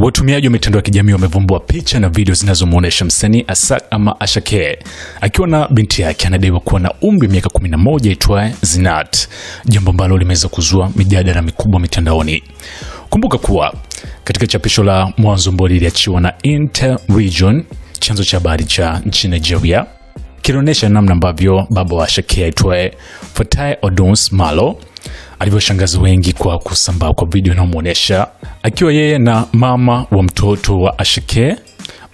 Watumiaji wa mitandao ya kijamii wamevumbua picha na video zinazomwonyesha msanii Asake ama Ashake akiwa na binti yake anadaiwa kuwa na umri wa miaka 11 aitwaye Zinat, jambo ambalo limeweza kuzua mijadala mikubwa mitandaoni. Kumbuka kuwa katika chapisho la mwanzo ambalo liliachiwa na Region, chanzo cha habari cha nchi Nigeria, kilionyesha namna ambavyo baba wa Ashake aitwaye Fatai Oduns Malo alivyoshangaza wengi kwa kusambaa kwa video inayomuonyesha akiwa yeye na mama wa mtoto wa ashike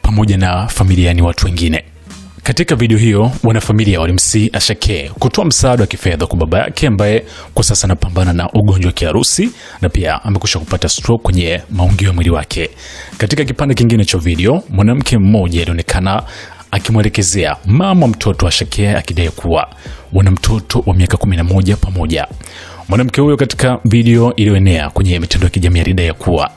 pamoja na familia, ni watu wengine. Katika video hiyo, wanafamilia walimsii Ashake kutoa msaada wa kifedha kwa baba yake ambaye kwa sasa anapambana na ugonjwa wa kiharusi na pia amekusha kupata stroke kwenye maungio ya mwili wake. Katika kipande kingine cha video, mwanamke mmoja alionekana akimwelekezea mama mtoto wa Ashake akidai kuwa wana mtoto wa miaka 11 pamoja. Mwanamke huyo katika video iliyoenea kwenye mitandao ya kijamii alidai kuwa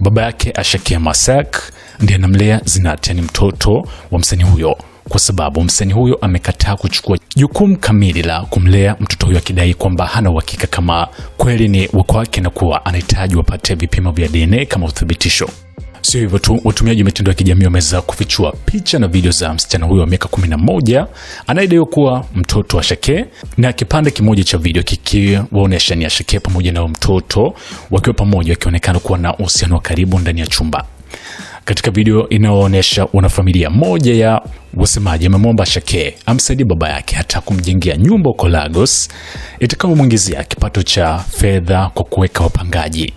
baba yake Ashakia Masak ndiye anamlea Zinati, yani mtoto wa msanii huyo, kwa sababu msanii huyo amekataa kuchukua jukumu kamili la kumlea mtoto huyo, akidai kwamba hana uhakika kama kweli ni wako wake na kuwa anahitaji wapate vipimo vya DNA kama uthibitisho. Sio hivyo tu, watumiaji wa mitandao ya kijamii wameweza kufichua picha na video za msichana huyo wa miaka 11 anayedaiwa kuwa mtoto wa Shake, na kipande kimoja cha video kikiwaonyesha ni Shake pamoja na mtoto wakiwa pamoja, wakionekana kuwa na uhusiano wa karibu ndani ya chumba. Katika video inayoonyesha wanafamilia, moja ya wasemaji amemwomba Shake amsaidie baba yake hata kumjengea nyumba huko Lagos itakayomwingizia kipato cha fedha kwa kuweka wapangaji.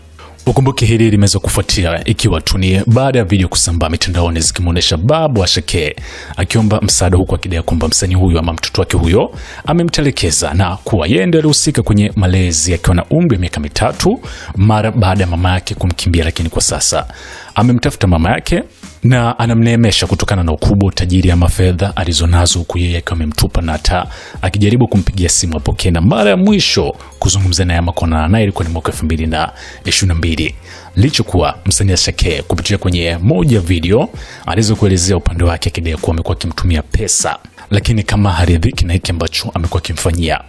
Ukumbuke hili limeweza kufuatia ikiwa tunie baada ya video kusambaa mitandaoni zikimuonesha Babu Ashake akiomba msaada huku akidai kwamba msanii huyo ama mtoto wake huyo amemtelekeza na kuwa yeye ndiye alihusika kwenye malezi akiwa na umri wa miaka mitatu mara baada ya mama yake kumkimbia, lakini kwa sasa amemtafuta mama yake na anamneemesha kutokana na ukubwa, utajiri ama fedha alizonazo, huku yeye akiwa amemtupa na hata akijaribu kumpigia simu apokee. Na mara ya mwisho kuzungumza naye ama kuonana naye ilikuwa ni mwaka 2022 lichokuwa msanii Asake kupitia kwenye moja video aliweza kuelezea upande wake akidai kuwa amekuwa akimtumia pesa, lakini kama haridhiki na hiki ambacho amekuwa akimfanyia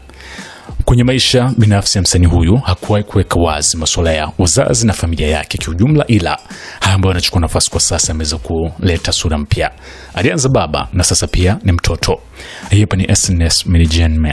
Kwenye maisha binafsi ya msanii huyu hakuwahi kuweka wazi masuala ya uzazi na familia yake kiujumla, ila haya ambayo anachukua nafasi kwa sasa ameweza kuleta sura mpya. Alianza baba na sasa pia ni mtoto. Hapa ni SNS Meridian